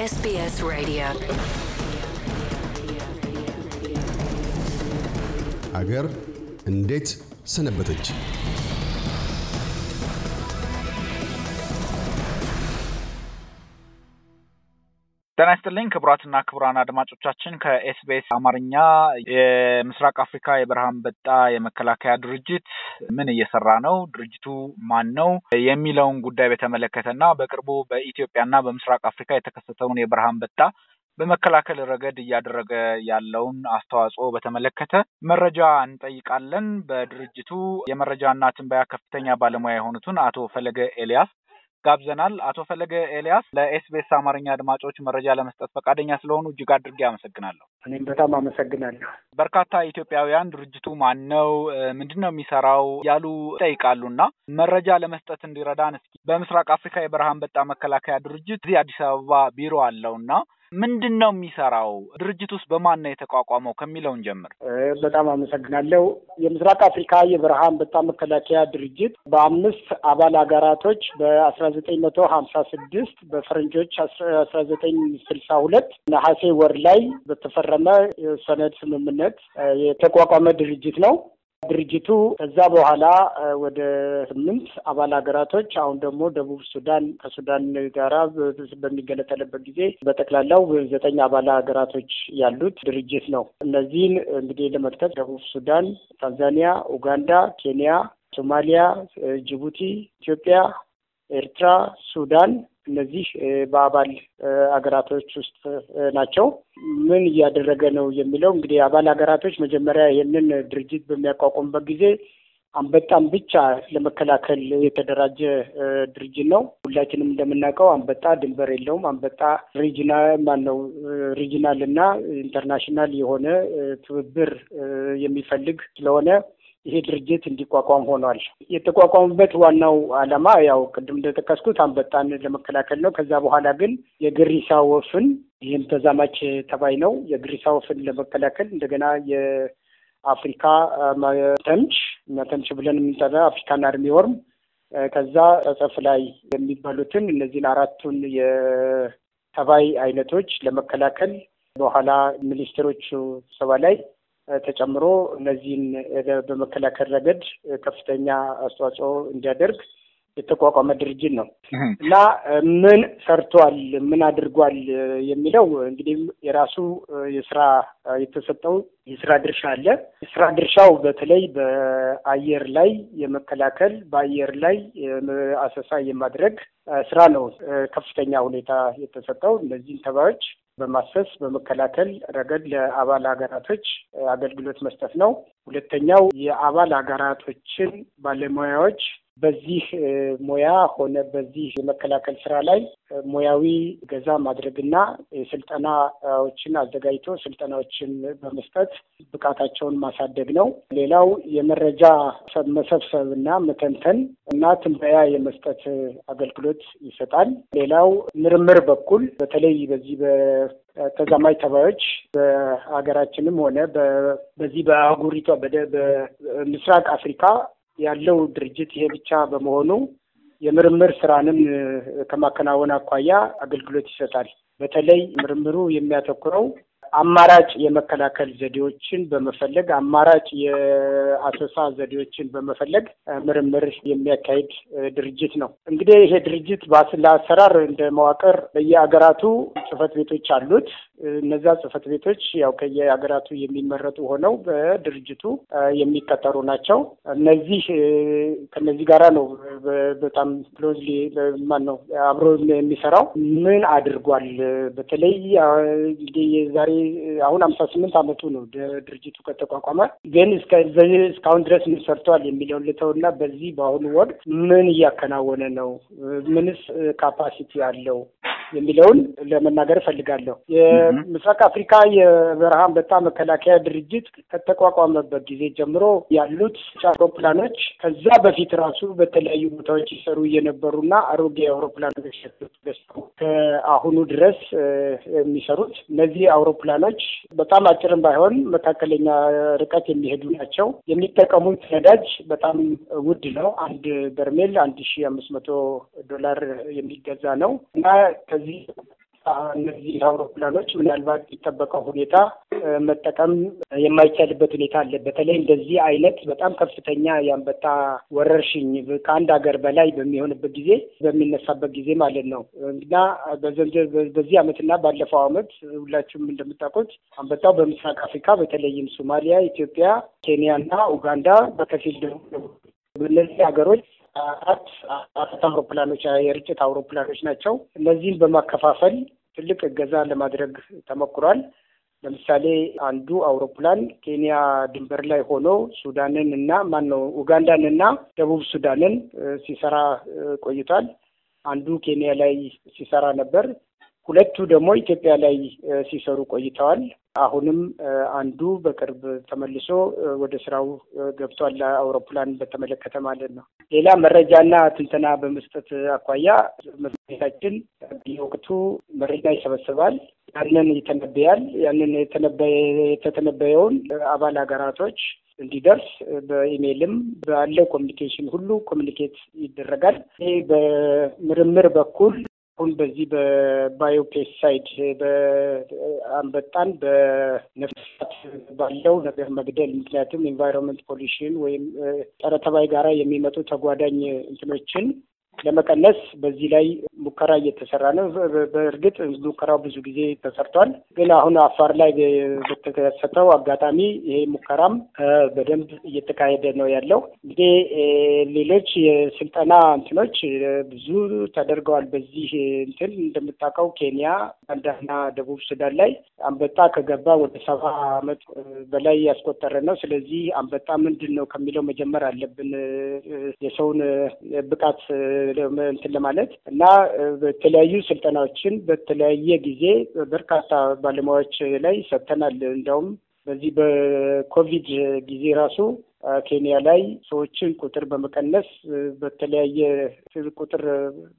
SBS Radio. አገር እንዴት ሰነበተች? ጤና ይስጥልኝ ክቡራትና ክቡራን አድማጮቻችን ከኤስቢኤስ አማርኛ የምስራቅ አፍሪካ የበረሃ አንበጣ የመከላከያ ድርጅት ምን እየሰራ ነው፣ ድርጅቱ ማን ነው የሚለውን ጉዳይ በተመለከተና በቅርቡ በኢትዮጵያና በምስራቅ አፍሪካ የተከሰተውን የበረሃ አንበጣ በመከላከል ረገድ እያደረገ ያለውን አስተዋጽኦ በተመለከተ መረጃ እንጠይቃለን። በድርጅቱ የመረጃና ትንበያ ከፍተኛ ባለሙያ የሆኑትን አቶ ፈለገ ኤልያስ ጋብዘናል። አቶ ፈለገ ኤልያስ ለኤስቤስ አማርኛ አድማጮች መረጃ ለመስጠት ፈቃደኛ ስለሆኑ እጅግ አድርጌ አመሰግናለሁ። እኔም በጣም አመሰግናለሁ። በርካታ ኢትዮጵያውያን ድርጅቱ ማን ነው፣ ምንድን ነው የሚሰራው ያሉ ይጠይቃሉ እና መረጃ ለመስጠት እንዲረዳን እስኪ በምስራቅ አፍሪካ የበረሃ አንበጣ መከላከያ ድርጅት እዚህ አዲስ አበባ ቢሮ አለው እና ምንድን ነው የሚሰራው? ድርጅት ውስጥ በማን ነው የተቋቋመው ከሚለውን ጀምር። በጣም አመሰግናለሁ። የምስራቅ አፍሪካ የበረሃ አንበጣ መከላከያ ድርጅት በአምስት አባል ሀገራቶች በአስራ ዘጠኝ መቶ ሀምሳ ስድስት በፈረንጆች አስራ ዘጠኝ ስልሳ ሁለት ነሐሴ ወር ላይ በተፈረመ ሰነድ ስምምነት የተቋቋመ ድርጅት ነው። ድርጅቱ ከዛ በኋላ ወደ ስምንት አባል ሀገራቶች አሁን ደግሞ ደቡብ ሱዳን ከሱዳን ጋራ በሚገለጠለበት ጊዜ በጠቅላላው ዘጠኝ አባል ሀገራቶች ያሉት ድርጅት ነው። እነዚህን እንግዲህ ለመጥቀስ ደቡብ ሱዳን፣ ታንዛኒያ፣ ኡጋንዳ፣ ኬንያ፣ ሶማሊያ፣ ጅቡቲ፣ ኢትዮጵያ፣ ኤርትራ፣ ሱዳን እነዚህ በአባል አገራቶች ውስጥ ናቸው። ምን እያደረገ ነው የሚለው እንግዲህ አባል ሀገራቶች መጀመሪያ ይህንን ድርጅት በሚያቋቁምበት ጊዜ አንበጣም ብቻ ለመከላከል የተደራጀ ድርጅት ነው። ሁላችንም እንደምናውቀው አንበጣ ድንበር የለውም። አንበጣ ማን ነው? ሪጂናል እና ኢንተርናሽናል የሆነ ትብብር የሚፈልግ ስለሆነ ይሄ ድርጅት እንዲቋቋም ሆኗል። የተቋቋሙበት ዋናው ዓላማ ያው ቅድም እንደጠቀስኩት አንበጣን ለመከላከል ነው። ከዛ በኋላ ግን የግሪሳ ወፍን ይህም ተዛማች ተባይ ነው። የግሪሳ ወፍን ለመከላከል እንደገና የአፍሪካ መተምች መተምች ብለን የምንጠራ አፍሪካን አርሚ ወርም ከዛ ጸፍ ላይ የሚባሉትን እነዚህን አራቱን የተባይ አይነቶች ለመከላከል በኋላ ሚኒስትሮቹ ስብሰባ ላይ ተጨምሮ እነዚህን በመከላከል ረገድ ከፍተኛ አስተዋጽኦ እንዲያደርግ የተቋቋመ ድርጅት ነው እና ምን ሰርቷል፣ ምን አድርጓል የሚለው እንግዲህ የራሱ የስራ የተሰጠው የስራ ድርሻ አለ። የስራ ድርሻው በተለይ በአየር ላይ የመከላከል በአየር ላይ አሰሳ የማድረግ ስራ ነው ከፍተኛ ሁኔታ የተሰጠው። እነዚህን ተባዮች በማሰስ በመከላከል ረገድ ለአባል ሀገራቶች አገልግሎት መስጠት ነው። ሁለተኛው የአባል ሀገራቶችን ባለሙያዎች በዚህ ሙያ ሆነ በዚህ የመከላከል ስራ ላይ ሙያዊ ገዛ ማድረግና የስልጠናዎችን አዘጋጅቶ ስልጠናዎችን በመስጠት ብቃታቸውን ማሳደግ ነው። ሌላው የመረጃ መሰብሰብ እና መተንተን እና ትንበያ የመስጠት አገልግሎት ይሰጣል። ሌላው ምርምር በኩል በተለይ በዚህ ተዛማጅ ተባዮች በሀገራችንም ሆነ በዚህ በአህጉሪቷ በምስራቅ አፍሪካ ያለው ድርጅት ይሄ ብቻ በመሆኑ የምርምር ስራንም ከማከናወን አኳያ አገልግሎት ይሰጣል። በተለይ ምርምሩ የሚያተኩረው አማራጭ የመከላከል ዘዴዎችን በመፈለግ አማራጭ የአሰሳ ዘዴዎችን በመፈለግ ምርምር የሚያካሄድ ድርጅት ነው። እንግዲህ ይሄ ድርጅት ለአሰራር እንደ መዋቅር በየአገራቱ ጽህፈት ቤቶች አሉት። እነዛ ጽህፈት ቤቶች ያው ከየሀገራቱ የሚመረጡ ሆነው በድርጅቱ የሚቀጠሩ ናቸው። እነዚህ ከነዚህ ጋራ ነው በጣም ክሎዝሊ ማን ነው አብሮ የሚሰራው ምን አድርጓል? በተለይ የዛሬ አሁን አምሳ ስምንት አመቱ ነው ድርጅቱ ከተቋቋመ። ግን እስካሁን ድረስ ምን ሰርተዋል የሚለውን ልተውና በዚህ በአሁኑ ወቅት ምን እያከናወነ ነው? ምንስ ካፓሲቲ አለው የሚለውን ለመናገር እፈልጋለሁ። ምስራቅ አፍሪካ የበረሃ አንበጣ መከላከያ ድርጅት ከተቋቋመበት ጊዜ ጀምሮ ያሉት አውሮፕላኖች ከዛ በፊት ራሱ በተለያዩ ቦታዎች ይሰሩ እየነበሩና አሮጌ አውሮፕላኖች ገዝተው ከአሁኑ ድረስ የሚሰሩት እነዚህ አውሮፕላኖች በጣም አጭርም ባይሆን መካከለኛ ርቀት የሚሄዱ ናቸው። የሚጠቀሙት ነዳጅ በጣም ውድ ነው። አንድ በርሜል አንድ ሺ አምስት መቶ ዶላር የሚገዛ ነው እና ከዚህ እነዚህ አውሮፕላኖች ምናልባት የሚጠበቀው ሁኔታ መጠቀም የማይቻልበት ሁኔታ አለ። በተለይ እንደዚህ አይነት በጣም ከፍተኛ የአንበጣ ወረርሽኝ ከአንድ ሀገር በላይ በሚሆንበት ጊዜ በሚነሳበት ጊዜ ማለት ነው እና በዚህ ዓመትና ባለፈው ዓመት ሁላችሁም እንደምታውቁት አንበጣው በምስራቅ አፍሪካ በተለይም ሶማሊያ፣ ኢትዮጵያ፣ ኬንያና ኡጋንዳ በከፊል በእነዚህ ሀገሮች አራት አራት አውሮፕላኖች የርጭት አውሮፕላኖች ናቸው። እነዚህን በማከፋፈል ትልቅ እገዛ ለማድረግ ተሞክሯል። ለምሳሌ አንዱ አውሮፕላን ኬንያ ድንበር ላይ ሆኖ ሱዳንን እና ማን ነው ኡጋንዳን እና ደቡብ ሱዳንን ሲሰራ ቆይቷል። አንዱ ኬንያ ላይ ሲሰራ ነበር። ሁለቱ ደግሞ ኢትዮጵያ ላይ ሲሰሩ ቆይተዋል። አሁንም አንዱ በቅርብ ተመልሶ ወደ ስራው ገብቷል፣ አውሮፕላን በተመለከተ ማለት ነው። ሌላ መረጃና ትንተና በመስጠት አኳያ መስሪያ ቤታችን በየወቅቱ መረጃ ይሰበስባል፣ ያንን ይተነበያል። ያንን የተተነበየውን አባል ሀገራቶች እንዲደርስ በኢሜይልም ባለው ኮሚኒኬሽን ሁሉ ኮሚኒኬት ይደረጋል። ይህ በምርምር በኩል አሁን በዚህ በባዮፔሳይድ በአንበጣን በነፍሳት ባለው ነገር መግደል ምክንያቱም ኢንቫይሮንመንት ፖሊሽን ወይም ጸረ ተባይ ጋራ የሚመጡ ተጓዳኝ እንትኖችን ለመቀነስ በዚህ ላይ ሙከራ እየተሰራ ነው። በእርግጥ ሙከራው ብዙ ጊዜ ተሰርቷል፣ ግን አሁን አፋር ላይ በተከሰተው አጋጣሚ ይሄ ሙከራም በደንብ እየተካሄደ ነው ያለው። እንግዲህ ሌሎች የስልጠና እንትኖች ብዙ ተደርገዋል። በዚህ እንትን እንደምታውቀው ኬንያ፣ ኡጋንዳና ደቡብ ሱዳን ላይ አንበጣ ከገባ ወደ ሰባ አመት በላይ ያስቆጠረ ነው። ስለዚህ አንበጣ ምንድን ነው ከሚለው መጀመር አለብን የሰውን ብቃት እንትን ለማለት እና በተለያዩ ስልጠናዎችን በተለያየ ጊዜ በርካታ ባለሙያዎች ላይ ሰጥተናል። እንደውም በዚህ በኮቪድ ጊዜ ራሱ ኬንያ ላይ ሰዎችን ቁጥር በመቀነስ በተለያየ ቁጥር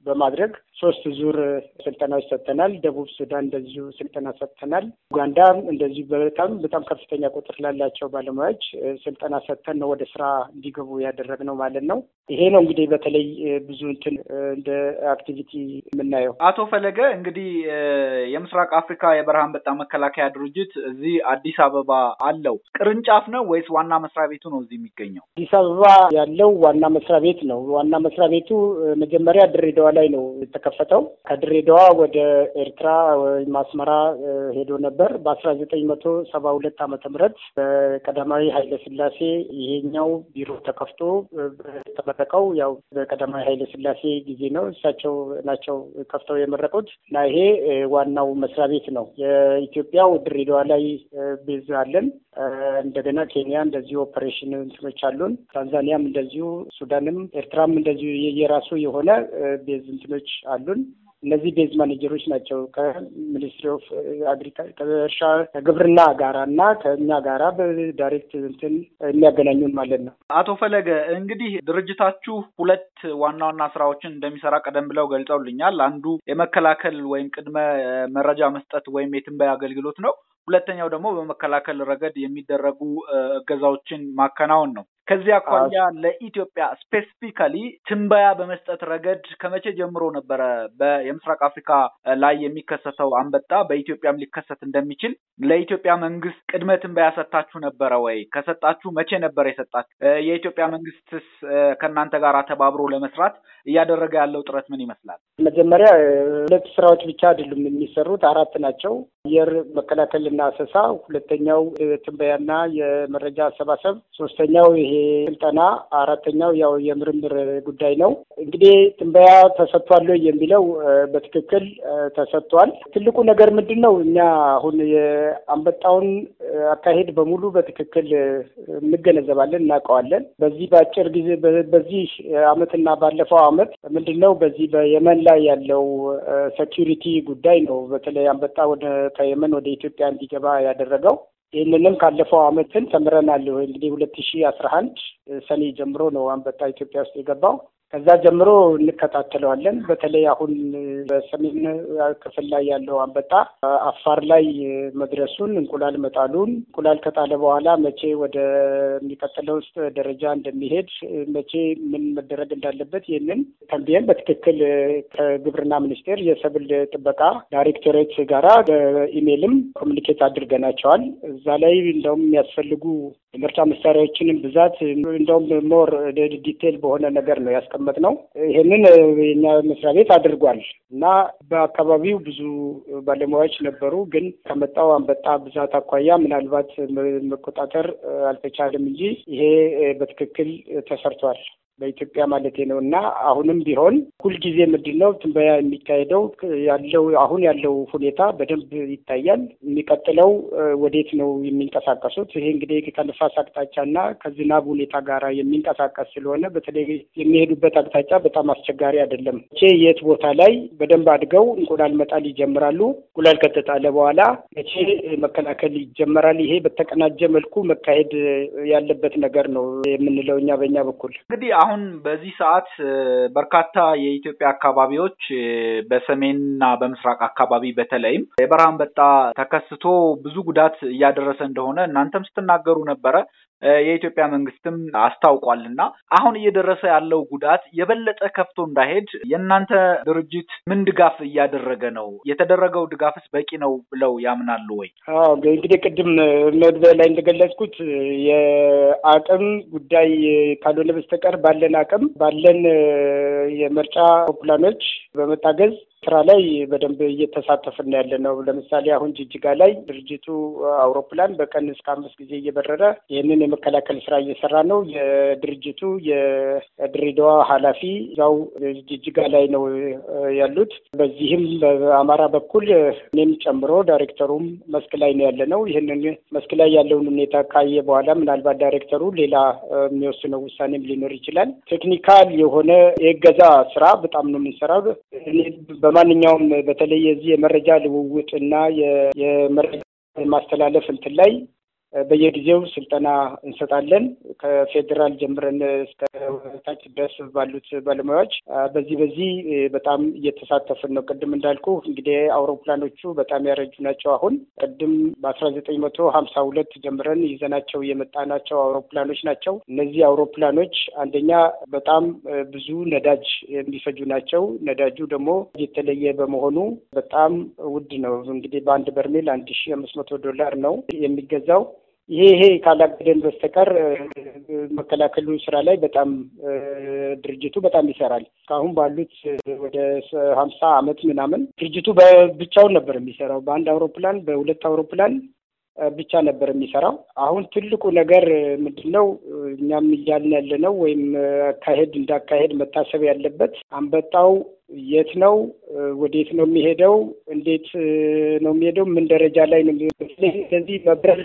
በማድረግ ሶስት ዙር ስልጠናዎች ሰጥተናል። ደቡብ ሱዳን እንደዚሁ ስልጠና ሰጥተናል። ኡጋንዳ እንደዚሁ በጣም በጣም ከፍተኛ ቁጥር ላላቸው ባለሙያዎች ስልጠና ሰጥተን ነው ወደ ስራ እንዲገቡ ያደረግነው ማለት ነው። ይሄ ነው እንግዲህ በተለይ ብዙ እንትን እንደ አክቲቪቲ የምናየው። አቶ ፈለገ እንግዲህ የምስራቅ አፍሪካ የበረሃ አንበጣ መከላከያ ድርጅት እዚህ አዲስ አበባ አለው ቅርንጫፍ ነው ወይስ ዋና መስሪያ ቤቱ ነው እዚህ የሚገኘው? አዲስ አበባ ያለው ዋና መስሪያ ቤት ነው። ዋና መስሪያ ቤቱ መጀመሪያ ድሬዳዋ ላይ ነው የተከፈተው። ከድሬዳዋ ወደ ኤርትራ ወይም አስመራ ሄዶ ነበር። በአስራ ዘጠኝ መቶ ሰባ ሁለት ዓመተ ምህረት በቀዳማዊ ኃይለ ስላሴ ይሄኛው ቢሮ ተከፍቶ ተመረቀው ያው በቀዳማዊ ኃይለ ስላሴ ጊዜ ነው። እሳቸው ናቸው ከፍተው የመረቁት እና ይሄ ዋናው መስሪያ ቤት ነው። የኢትዮጵያው ድሬዳዋ ላይ ቤዝ አለን። እንደገና ኬንያ እንደዚሁ ኦፐሬሽን እንትኖች አሉን። ታንዛኒያም እንደዚሁ፣ ሱዳንም ኤርትራም እንደዚሁ የየራሱ የሆነ ቤዝ እንትኖች አሉን። እነዚህ ቤዝ ማኔጀሮች ናቸው ከሚኒስትሪ ኦፍ ከእርሻ ከግብርና ጋራ እና ከእኛ ጋራ በዳይሬክት እንትን የሚያገናኙን ማለት ነው። አቶ ፈለገ እንግዲህ ድርጅታችሁ ሁለት ዋና ዋና ስራዎችን እንደሚሰራ ቀደም ብለው ገልጸውልኛል። አንዱ የመከላከል ወይም ቅድመ መረጃ መስጠት ወይም የትንበይ አገልግሎት ነው። ሁለተኛው ደግሞ በመከላከል ረገድ የሚደረጉ እገዛዎችን ማከናወን ነው። ከዚህ አኳያ ለኢትዮጵያ ስፔሲፊካሊ ትንበያ በመስጠት ረገድ ከመቼ ጀምሮ ነበረ የምስራቅ አፍሪካ ላይ የሚከሰተው አንበጣ በኢትዮጵያም ሊከሰት እንደሚችል ለኢትዮጵያ መንግስት ቅድመ ትንበያ ሰጥታችሁ ነበረ ወይ? ከሰጣችሁ መቼ ነበረ የሰጣችሁ? የኢትዮጵያ መንግስትስ ከእናንተ ጋር ተባብሮ ለመስራት እያደረገ ያለው ጥረት ምን ይመስላል? መጀመሪያ ሁለት ስራዎች ብቻ አይደሉም የሚሰሩት፣ አራት ናቸው። አየር መከላከልና አሰሳ፣ ሁለተኛው ትንበያና የመረጃ አሰባሰብ፣ ሶስተኛው ይሄ ይሄ ስልጠና አራተኛው ያው የምርምር ጉዳይ ነው። እንግዲህ ትንበያ ተሰጥቷል የሚለው በትክክል ተሰጥቷል። ትልቁ ነገር ምንድን ነው? እኛ አሁን የአንበጣውን አካሄድ በሙሉ በትክክል እንገነዘባለን፣ እናውቀዋለን። በዚህ በአጭር ጊዜ በዚህ አመትና ባለፈው አመት ምንድን ነው በዚህ በየመን ላይ ያለው ሴኪሪቲ ጉዳይ ነው። በተለይ አንበጣ ከየመን ወደ ኢትዮጵያ እንዲገባ ያደረገው ይህንንም ካለፈው አመትን ተምረናል። እንግዲህ ሁለት ሺ አስራ አንድ ሰኔ ጀምሮ ነው አንበጣ ኢትዮጵያ ውስጥ የገባው። ከዛ ጀምሮ እንከታተለዋለን። በተለይ አሁን በሰሜን ክፍል ላይ ያለው አንበጣ አፋር ላይ መድረሱን፣ እንቁላል መጣሉን፣ እንቁላል ከጣለ በኋላ መቼ ወደሚቀጥለው ውስጥ ደረጃ እንደሚሄድ መቼ ምን መደረግ እንዳለበት ይህንን ተንብየን በትክክል ከግብርና ሚኒስቴር የሰብል ጥበቃ ዳይሬክቶሬት ጋራ በኢሜይልም ኮሚኒኬት አድርገናቸዋል። እዛ ላይ እንደውም የሚያስፈልጉ የምርጫ መሳሪያዎችንም ብዛት እንደውም ሞር ዲቴል በሆነ ነገር ነው ያስቀመጥ ነው። ይህንን የኛ መስሪያ ቤት አድርጓል እና በአካባቢው ብዙ ባለሙያዎች ነበሩ፣ ግን ከመጣው አንበጣ ብዛት አኳያ ምናልባት መቆጣጠር አልተቻለም እንጂ ይሄ በትክክል ተሰርቷል። በኢትዮጵያ ማለት ነው። እና አሁንም ቢሆን ሁልጊዜ ምንድን ነው ትንበያ የሚካሄደው ያለው አሁን ያለው ሁኔታ በደንብ ይታያል። የሚቀጥለው ወዴት ነው የሚንቀሳቀሱት? ይሄ እንግዲህ ከንፋስ አቅጣጫ እና ከዝናብ ሁኔታ ጋራ የሚንቀሳቀስ ስለሆነ በተለይ የሚሄዱበት አቅጣጫ በጣም አስቸጋሪ አይደለም። ቼ የት ቦታ ላይ በደንብ አድገው እንቁላል መጣል ይጀምራሉ። እንቁላል ከተጣለ በኋላ መቼ መከላከል ይጀመራል። ይሄ በተቀናጀ መልኩ መካሄድ ያለበት ነገር ነው የምንለው እኛ በእኛ በኩል እንግዲህ አሁን በዚህ ሰዓት በርካታ የኢትዮጵያ አካባቢዎች በሰሜንና በምስራቅ አካባቢ በተለይም የበረሃ አንበጣ ተከስቶ ብዙ ጉዳት እያደረሰ እንደሆነ እናንተም ስትናገሩ ነበረ። የኢትዮጵያ መንግስትም አስታውቋል እና አሁን እየደረሰ ያለው ጉዳት የበለጠ ከፍቶ እንዳይሄድ የእናንተ ድርጅት ምን ድጋፍ እያደረገ ነው? የተደረገው ድጋፍስ በቂ ነው ብለው ያምናሉ ወይ? እንግዲህ ቅድም መግቢያ ላይ እንደገለጽኩት የአቅም ጉዳይ ካልሆነ በስተቀር ባለን አቅም ባለን የምርጫ አውሮፕላኖች በመታገዝ ስራ ላይ በደንብ እየተሳተፍን ያለ ነው። ለምሳሌ አሁን ጅጅጋ ላይ ድርጅቱ አውሮፕላን በቀን እስከ አምስት ጊዜ እየበረረ ይህንን የመከላከል ስራ እየሰራ ነው። የድርጅቱ የድሬዳዋ ኃላፊ እዛው ጅጅጋ ላይ ነው ያሉት። በዚህም በአማራ በኩል እኔም ጨምሮ ዳይሬክተሩም መስክ ላይ ነው ያለ ነው። ይህንን መስክ ላይ ያለውን ሁኔታ ካየ በኋላ ምናልባት ዳይሬክተሩ ሌላ የሚወስነው ውሳኔም ሊኖር ይችላል። ቴክኒካል የሆነ የእገዛ ስራ በጣም ነው የምንሰራው በማንኛውም በተለይ የዚህ የመረጃ ልውውጥ እና የመረጃ የማስተላለፍ እንትን ላይ በየጊዜው ስልጠና እንሰጣለን ከፌዴራል ጀምረን እስከ ታች ድረስ ባሉት ባለሙያዎች በዚህ በዚህ በጣም እየተሳተፍን ነው። ቅድም እንዳልኩ እንግዲህ አውሮፕላኖቹ በጣም ያረጁ ናቸው። አሁን ቅድም በአስራ ዘጠኝ መቶ ሀምሳ ሁለት ጀምረን ይዘናቸው የመጣናቸው አውሮፕላኖች ናቸው። እነዚህ አውሮፕላኖች አንደኛ በጣም ብዙ ነዳጅ የሚፈጁ ናቸው። ነዳጁ ደግሞ የተለየ በመሆኑ በጣም ውድ ነው። እንግዲህ በአንድ በርሜል አንድ ሺ አምስት መቶ ዶላር ነው የሚገዛው። ይሄ ይሄ ካላገደን በስተቀር መከላከሉ ስራ ላይ በጣም ድርጅቱ በጣም ይሰራል። እስካሁን ባሉት ወደ ሀምሳ አመት ምናምን ድርጅቱ ብቻውን ነበር የሚሰራው በአንድ አውሮፕላን በሁለት አውሮፕላን ብቻ ነበር የሚሰራው። አሁን ትልቁ ነገር ምንድን ነው? እኛም እያልን ያለ ነው ወይም አካሄድ እንዳካሄድ መታሰብ ያለበት አንበጣው የት ነው፣ ወዴት ነው የሚሄደው፣ እንዴት ነው የሚሄደው፣ ምን ደረጃ ላይ ነው። ስለዚህ መብረር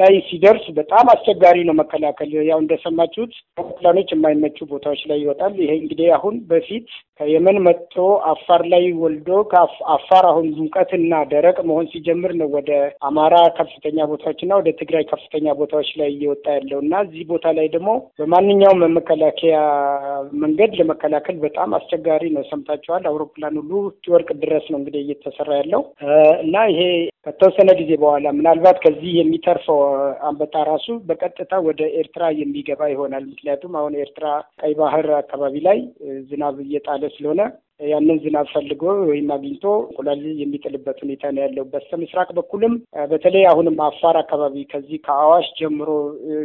ላይ ሲደርስ በጣም አስቸጋሪ ነው መከላከል። ያው እንደሰማችሁት አውሮፕላኖች የማይመቹ ቦታዎች ላይ ይወጣል። ይሄ እንግዲህ አሁን በፊት ከየመን መጥቶ አፋር ላይ ወልዶ አፋር አሁን ሙቀትና ደረቅ መሆን ሲጀምር ነው ወደ አማራ ከፍተኛ ቦታዎችና ወደ ትግራይ ከፍተኛ ቦታዎች ላይ እየወጣ ያለው እና እዚህ ቦታ ላይ ደግሞ በማንኛውም መከላከያ መንገድ ለመከላከል በጣም አስቸጋሪ ነው። ሰምታችኋል። አውሮፕላን ሁሉ ወርቅ ድረስ ነው እንግዲህ እየተሰራ ያለው እና ይሄ ከተወሰነ ጊዜ በኋላ ምናልባት ከዚህ የሚተርፈው አንበጣ ራሱ በቀጥታ ወደ ኤርትራ የሚገባ ይሆናል። ምክንያቱም አሁን ኤርትራ ቀይ ባህር አካባቢ ላይ ዝናብ እየጣለ ስለሆነ ያንን ዝናብ ፈልጎ ወይም አግኝቶ እንቁላል የሚጥልበት ሁኔታ ነው ያለው። በስተ ምስራቅ በኩልም በተለይ አሁንም አፋር አካባቢ ከዚህ ከአዋሽ ጀምሮ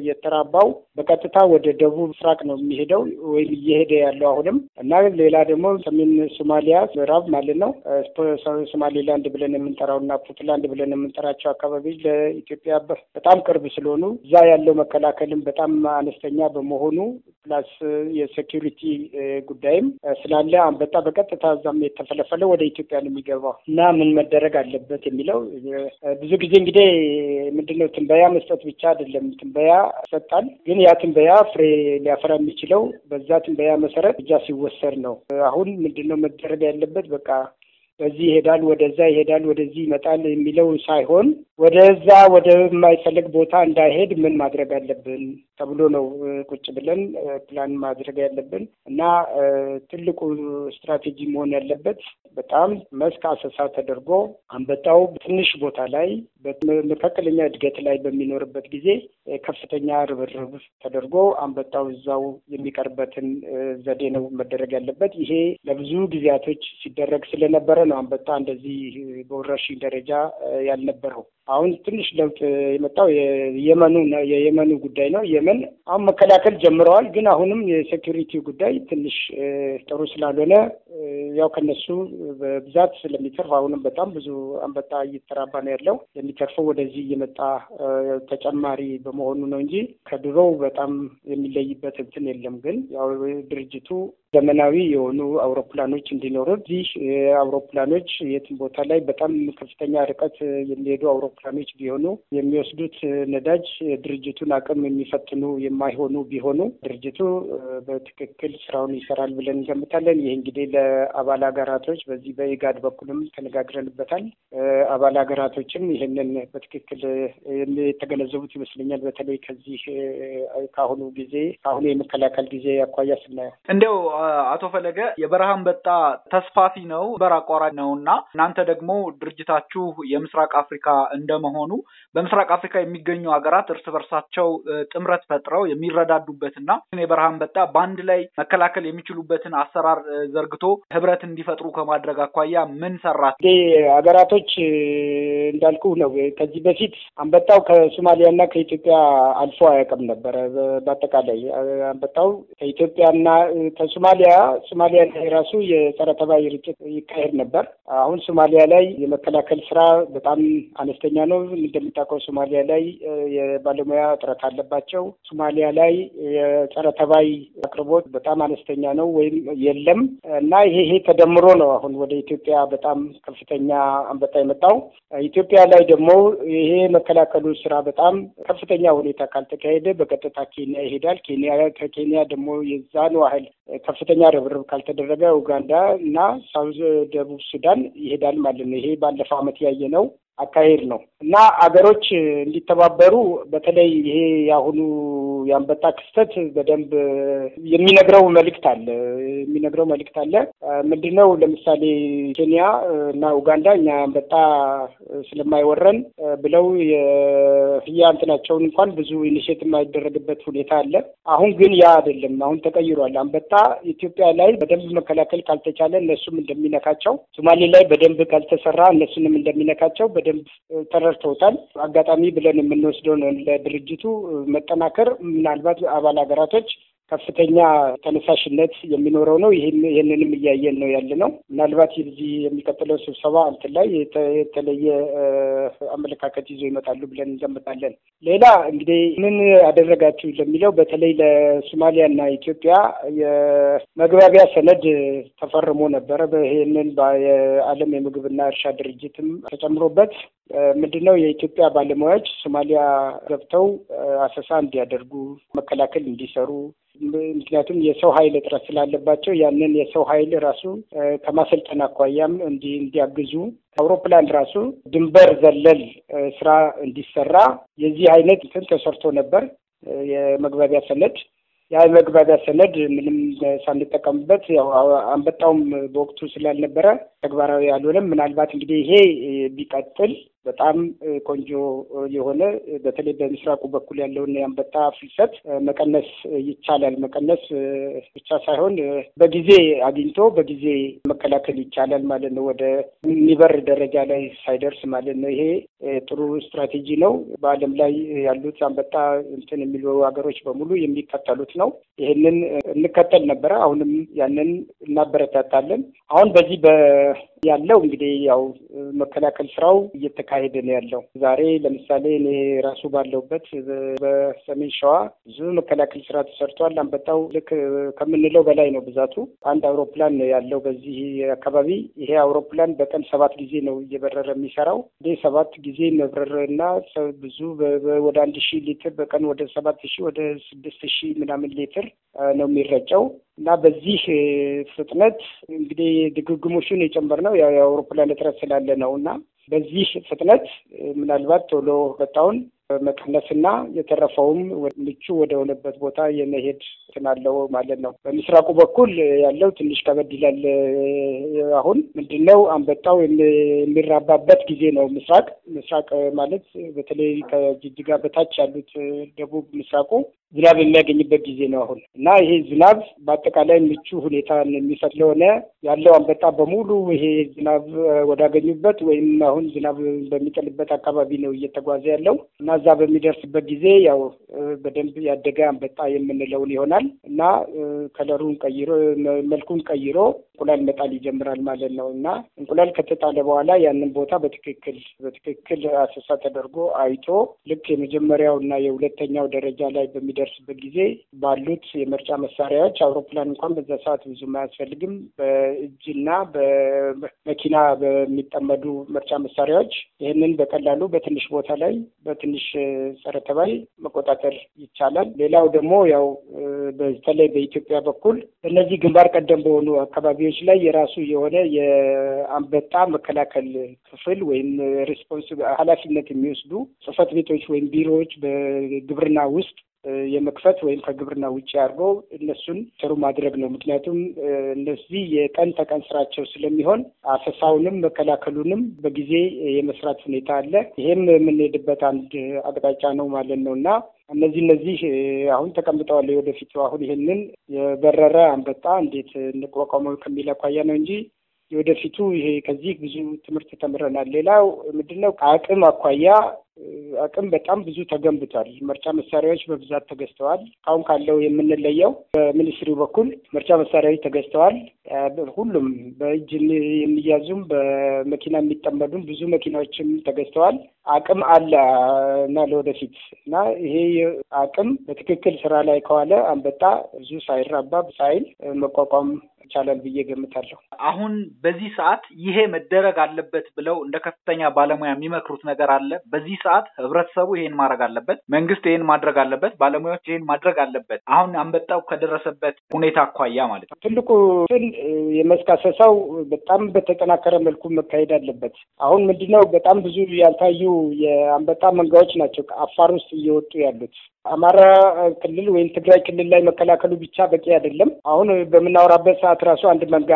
የተራባው በቀጥታ ወደ ደቡብ ምስራቅ ነው የሚሄደው ወይም እየሄደ ያለው አሁንም እና ሌላ ደግሞ ሰሜን ሶማሊያ ምዕራብ ማለት ነው ሶማሌላንድ ብለን የምንጠራው እና ፑንትላንድ ብለን የምንጠራቸው አካባቢዎች ለኢትዮጵያ በጣም ቅርብ ስለሆኑ እዛ ያለው መከላከልም በጣም አነስተኛ በመሆኑ ፕላስ የሴኪሪቲ ጉዳይም ስላለ አንበጣ በቀጥታ እዛም የተፈለፈለ ወደ ኢትዮጵያ ነው የሚገባው እና ምን መደረግ አለበት የሚለው ብዙ ጊዜ እንግዲህ ምንድነው ትንበያ መስጠት ብቻ አይደለም። ትንበያ ይሰጣል ግን ያ ትንበያ ፍሬ ሊያፈራ የሚችለው በዛ ትንበያ መሰረት እጃ ሲወሰድ ነው። አሁን ምንድነው መደረግ ያለበት? በቃ በዚህ ይሄዳል፣ ወደዛ ይሄዳል፣ ወደዚህ ይመጣል የሚለውን ሳይሆን ወደዛ ወደማይፈልግ ቦታ እንዳይሄድ ምን ማድረግ አለብን ተብሎ ነው ቁጭ ብለን ፕላን ማድረግ ያለብን እና ትልቁ ስትራቴጂ መሆን ያለበት በጣም መስክ አሰሳ ተደርጎ አንበጣው ትንሽ ቦታ ላይ መካከለኛ እድገት ላይ በሚኖርበት ጊዜ ከፍተኛ ርብርብ ተደርጎ አንበጣው እዛው የሚቀርበትን ዘዴ ነው መደረግ ያለበት። ይሄ ለብዙ ጊዜያቶች ሲደረግ ስለነበረ ነው አንበጣ እንደዚህ በወረርሽኝ ደረጃ ያልነበረው። አሁን ትንሽ ለውጥ የመጣው የየመኑ የየመኑ ጉዳይ ነው። የመን አሁን መከላከል ጀምረዋል፣ ግን አሁንም የሴኪሪቲ ጉዳይ ትንሽ ጥሩ ስላልሆነ ያው ከነሱ በብዛት ስለሚተርፍ አሁንም በጣም ብዙ አንበጣ እየተራባ ነው ያለው። የሚተርፈው ወደዚህ እየመጣ ተጨማሪ በመሆኑ ነው እንጂ ከድሮው በጣም የሚለይበት እንትን የለም። ግን ያው ድርጅቱ ዘመናዊ የሆኑ አውሮፕላኖች እንዲኖሩ እዚህ አውሮፕላኖች የትም ቦታ ላይ በጣም ከፍተኛ ርቀት የሚሄዱ አውሮፕላኖች ቢሆኑ የሚወስዱት ነዳጅ ድርጅቱን አቅም የሚፈትኑ የማይሆኑ ቢሆኑ ድርጅቱ በትክክል ስራውን ይሰራል ብለን እንገምታለን። ይህ እንግዲህ ለአባል ሀገራቶች በዚህ በኢጋድ በኩልም ተነጋግረንበታል። አባል ሀገራቶችም ይህንን በትክክል የተገነዘቡት ይመስለኛል። በተለይ ከዚህ ከአሁኑ ጊዜ ከአሁኑ የመከላከል ጊዜ አኳያ ስናየው እንደው አቶ ፈለገ የበረሃ አንበጣ ተስፋፊ ነው፣ በር አቋራጭ ነው እና እናንተ ደግሞ ድርጅታችሁ የምስራቅ አፍሪካ እንደመሆኑ በምስራቅ አፍሪካ የሚገኙ ሀገራት እርስ በርሳቸው ጥምረት ፈጥረው የሚረዳዱበትና የበረሃ አንበጣ በአንድ ላይ መከላከል የሚችሉበትን አሰራር ዘርግቶ ህብረት እንዲፈጥሩ ከማድረግ አኳያ ምን ሰራት? ሀገራቶች እንዳልኩ ነው። ከዚህ በፊት አንበጣው ከሶማሊያና ከኢትዮጵያ አልፎ አያውቅም ነበረ። በአጠቃላይ አንበጣው ከኢትዮጵያና ከሶማ ሶማሊያ ሶማሊያ ላይ ራሱ የጸረ ተባይ ርጭት ይካሄድ ነበር። አሁን ሶማሊያ ላይ የመከላከል ስራ በጣም አነስተኛ ነው። እንደምታውቀው ሶማሊያ ላይ የባለሙያ እጥረት አለባቸው። ሶማሊያ ላይ የጸረ ተባይ አቅርቦት በጣም አነስተኛ ነው ወይም የለም እና ይሄ ይሄ ተደምሮ ነው አሁን ወደ ኢትዮጵያ በጣም ከፍተኛ አንበጣ የመጣው። ኢትዮጵያ ላይ ደግሞ ይሄ መከላከሉ ስራ በጣም ከፍተኛ ሁኔታ ካልተካሄደ በቀጥታ ኬንያ ይሄዳል። ኬንያ ከኬንያ ደግሞ የዛኑ ያህል ከፍተኛ ርብርብ ካልተደረገ ኡጋንዳ እና ሳውዝ ደቡብ ሱዳን ይሄዳል ማለት ነው። ይሄ ባለፈው ዓመት ያየ ነው። አካሄድ ነው እና አገሮች እንዲተባበሩ በተለይ ይሄ የአሁኑ የአንበጣ ክስተት በደንብ የሚነግረው መልእክት አለ የሚነግረው መልእክት አለ ምንድን ነው? ለምሳሌ ኬንያ እና ኡጋንዳ እኛ አንበጣ ስለማይወረን ብለው የህያ እንትናቸውን እንኳን ብዙ ኢኒሽት የማይደረግበት ሁኔታ አለ። አሁን ግን ያ አይደለም። አሁን ተቀይሯል። አንበጣ ኢትዮጵያ ላይ በደንብ መከላከል ካልተቻለ እነሱም እንደሚነካቸው፣ ሶማሌ ላይ በደንብ ካልተሰራ እነሱንም እንደሚነካቸው በደንብ ተረድተውታል። አጋጣሚ ብለን የምንወስደው ለድርጅቱ መጠናከር ምናልባት አባል ሀገራቶች ከፍተኛ ተነሳሽነት የሚኖረው ነው። ይህንንም እያየን ነው ያለ ነው። ምናልባት የዚህ የሚቀጥለው ስብሰባ እንትን ላይ የተለየ አመለካከት ይዞ ይመጣሉ ብለን እንገምታለን። ሌላ እንግዲህ ምን አደረጋችሁ ለሚለው በተለይ ለሶማሊያ ና ኢትዮጵያ የመግባቢያ ሰነድ ተፈርሞ ነበረ። ይህንን የዓለም የምግብና እርሻ ድርጅትም ተጨምሮበት ምንድን ነው የኢትዮጵያ ባለሙያዎች ሶማሊያ ገብተው አሰሳ እንዲያደርጉ መከላከል እንዲሰሩ ምክንያቱም የሰው ኃይል እጥረት ስላለባቸው ያንን የሰው ኃይል ራሱ ከማሰልጠን አኳያም እንዲ እንዲያግዙ አውሮፕላን ራሱ ድንበር ዘለል ስራ እንዲሰራ የዚህ አይነት እንትን ተሰርቶ ነበር። የመግባቢያ ሰነድ ያ የመግባቢያ ሰነድ ምንም ሳንጠቀምበት ያው አንበጣውም በወቅቱ ስላልነበረ ተግባራዊ አልሆነም። ምናልባት እንግዲህ ይሄ ቢቀጥል በጣም ቆንጆ የሆነ በተለይ በምስራቁ በኩል ያለውን የአንበጣ ፍልሰት መቀነስ ይቻላል። መቀነስ ብቻ ሳይሆን በጊዜ አግኝቶ በጊዜ መከላከል ይቻላል ማለት ነው። ወደ የሚበር ደረጃ ላይ ሳይደርስ ማለት ነው። ይሄ ጥሩ ስትራቴጂ ነው። በዓለም ላይ ያሉት አንበጣ እንትን የሚሉ ሀገሮች በሙሉ የሚከተሉት ነው። ይህንን እንከተል ነበረ። አሁንም ያንን እናበረታታለን። አሁን በዚህ በ ያለው እንግዲህ ያው መከላከል ስራው እየተካሄደ ነው ያለው። ዛሬ ለምሳሌ እኔ ራሱ ባለሁበት በሰሜን ሸዋ ብዙ መከላከል ስራ ተሰርቷል። አንበጣው ልክ ከምንለው በላይ ነው ብዛቱ። አንድ አውሮፕላን ነው ያለው በዚህ አካባቢ። ይሄ አውሮፕላን በቀን ሰባት ጊዜ ነው እየበረረ የሚሰራው። ሰባት ጊዜ መብረር እና ብዙ ወደ አንድ ሺህ ሊትር በቀን ወደ ሰባት ሺህ ወደ ስድስት ሺህ ምናምን ሊትር ነው የሚረጨው። እና በዚህ ፍጥነት እንግዲህ ድግግሞሹን የጨመርነው ያው የአውሮፕላን እጥረት ስላለ ነው እና በዚህ ፍጥነት ምናልባት ቶሎ በጣውን መቀነስና የተረፈውም ምቹ ወደሆነበት ቦታ የመሄድ ትናለው ማለት ነው። በምስራቁ በኩል ያለው ትንሽ ከበድ ይላል። አሁን ምንድነው አንበጣው የሚራባበት ጊዜ ነው። ምስራቅ ምስራቅ ማለት በተለይ ከጅጅጋ በታች ያሉት ደቡብ ምስራቁ ዝናብ የሚያገኝበት ጊዜ ነው አሁን እና ይሄ ዝናብ በአጠቃላይ ምቹ ሁኔታ የሚፈጥር ለሆነ ያለው አንበጣ በሙሉ ይሄ ዝናብ ወዳገኙበት ወይም አሁን ዝናብ በሚጠልበት አካባቢ ነው እየተጓዘ ያለው እና እዛ በሚደርስበት ጊዜ ያው በደንብ ያደገ አንበጣ የምንለውን ይሆናል እና ከለሩን ቀይሮ መልኩን ቀይሮ እንቁላል መጣል ይጀምራል ማለት ነው እና እንቁላል ከተጣለ በኋላ ያንን ቦታ በትክክል በትክክል አሰሳ ተደርጎ አይቶ ልክ የመጀመሪያው እና የሁለተኛው ደረጃ ላይ በሚደርስበት ጊዜ ባሉት የመርጫ መሳሪያዎች አውሮፕላን እንኳን በዛ ሰዓት ብዙም አያስፈልግም። በእጅና በመኪና በሚጠመዱ መርጫ መሳሪያዎች ይህንን በቀላሉ በትንሽ ቦታ ላይ በትንሽ ጸረ ተባይ መቆጣጠር ይቻላል። ሌላው ደግሞ ያው በተለይ በኢትዮጵያ በኩል እነዚህ ግንባር ቀደም በሆኑ አካባቢዎች ላይ የራሱ የሆነ የአንበጣ መከላከል ክፍል ወይም ሪስፖንስ ኃላፊነት የሚወስዱ ጽህፈት ቤቶች ወይም ቢሮዎች በግብርና ውስጥ የመክፈት ወይም ከግብርና ውጭ አድርጎ እነሱን ስሩ ማድረግ ነው። ምክንያቱም እነዚህ የቀን ተቀን ስራቸው ስለሚሆን አሰሳውንም መከላከሉንም በጊዜ የመስራት ሁኔታ አለ። ይሄም የምንሄድበት አንድ አቅጣጫ ነው ማለት ነው እና እነዚህ እነዚህ አሁን ተቀምጠዋል። ወደፊቱ አሁን ይህንን የበረረ አንበጣ እንዴት እንቋቋመው ከሚል አኳያ ነው እንጂ የወደፊቱ ይሄ ከዚህ ብዙ ትምህርት ተምረናል። ሌላው ምንድነው ከአቅም አኳያ አቅም በጣም ብዙ ተገንብቷል። ምርጫ መሳሪያዎች በብዛት ተገዝተዋል። አሁን ካለው የምንለየው በሚኒስትሪ በኩል ምርጫ መሳሪያዎች ተገዝተዋል። ሁሉም በእጅ የሚያዙም በመኪና የሚጠመዱም ብዙ መኪናዎችም ተገዝተዋል። አቅም አለ እና ለወደፊት እና ይሄ አቅም በትክክል ስራ ላይ ከዋለ አንበጣ ብዙ ሳይራባ ሳይል መቋቋም ይቻላል ብዬ ገምታለሁ። አሁን በዚህ ሰዓት ይሄ መደረግ አለበት ብለው እንደ ከፍተኛ ባለሙያ የሚመክሩት ነገር አለ። በዚህ ሰዓት ህብረተሰቡ ይሄን ማድረግ አለበት፣ መንግስት ይሄን ማድረግ አለበት፣ ባለሙያዎች ይሄን ማድረግ አለበት። አሁን አንበጣው ከደረሰበት ሁኔታ አኳያ ማለት ነው። ትልቁ ስል የመስክ በጣም በተጠናከረ መልኩ መካሄድ አለበት። አሁን ምንድነው በጣም ብዙ ያልታዩ የአንበጣ መንጋዎች ናቸው አፋር ውስጥ እየወጡ ያሉት አማራ ክልል ወይም ትግራይ ክልል ላይ መከላከሉ ብቻ በቂ አይደለም። አሁን በምናወራበት ሰዓት ራሱ አንድ መንጋ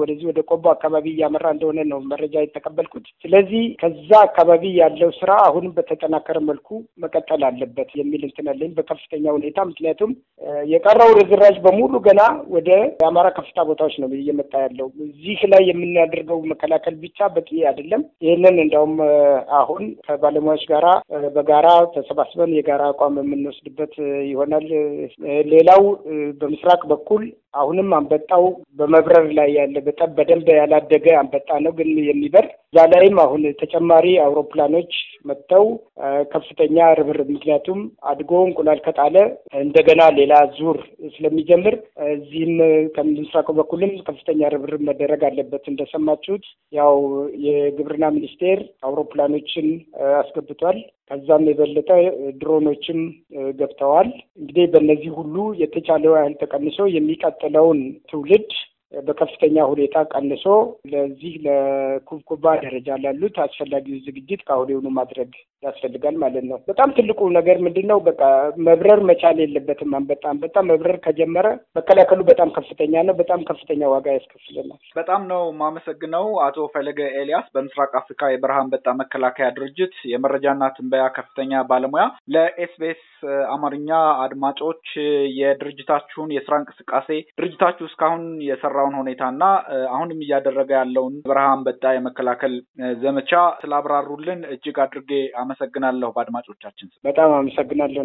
ወደዚህ ወደ ቆቦ አካባቢ እያመራ እንደሆነ ነው መረጃ የተቀበልኩት። ስለዚህ ከዛ አካባቢ ያለው ስራ አሁንም በተጠናከረ መልኩ መቀጠል አለበት የሚል እንትን አለኝ በከፍተኛ ሁኔታ። ምክንያቱም የቀረው ርዝራዥ በሙሉ ገና ወደ የአማራ ከፍታ ቦታዎች ነው እየመጣ ያለው። እዚህ ላይ የምናደርገው መከላከል ብቻ በቂ አይደለም። ይህንን እንደውም አሁን ከባለሙያዎች ጋራ በጋራ ተሰባስበን የጋራ አቋም የምንወስድበት ይሆናል። ሌላው በምስራቅ በኩል አሁንም አንበጣው በመብረር ላይ ያለ በጣም በደንብ ያላደገ አንበጣ ነው፣ ግን የሚበር እዛ ላይም አሁን ተጨማሪ አውሮፕላኖች መጥተው ከፍተኛ ርብርብ፣ ምክንያቱም አድጎ እንቁላል ከጣለ እንደገና ሌላ ዙር ስለሚጀምር እዚህም ከምስራቁ በኩልም ከፍተኛ ርብርብ መደረግ አለበት። እንደሰማችሁት ያው የግብርና ሚኒስቴር አውሮፕላኖችን አስገብቷል። ከዛም የበለጠ ድሮኖችም ገብተዋል። እንግዲህ በእነዚህ ሁሉ የተቻለው ያህል ተቀንሶ የሚቀጥ የሚቀጥለውን ትውልድ በከፍተኛ ሁኔታ ቀንሶ ለዚህ ለኩብኩባ ደረጃ ላሉት አስፈላጊው ዝግጅት ከአሁኑ ማድረግ ያስፈልጋል ማለት ነው። በጣም ትልቁ ነገር ምንድን ነው? በቃ መብረር መቻል የለበትም። አንበጣ አንበጣ መብረር ከጀመረ መከላከሉ በጣም ከፍተኛ ነው። በጣም ከፍተኛ ዋጋ ያስከፍለናል። በጣም ነው የማመሰግነው አቶ ፈለገ ኤልያስ፣ በምስራቅ አፍሪካ የበረሃ አንበጣ መከላከያ ድርጅት የመረጃና ትንበያ ከፍተኛ ባለሙያ። ለኤስቢኤስ አማርኛ አድማጮች የድርጅታችሁን የስራ እንቅስቃሴ ድርጅታችሁ እስካሁን የሰራ የተፈጠረውን ሁኔታና አሁንም እያደረገ ያለውን በረሃ አንበጣ የመከላከል ዘመቻ ስላብራሩልን እጅግ አድርጌ አመሰግናለሁ። በአድማጮቻችን በጣም አመሰግናለሁ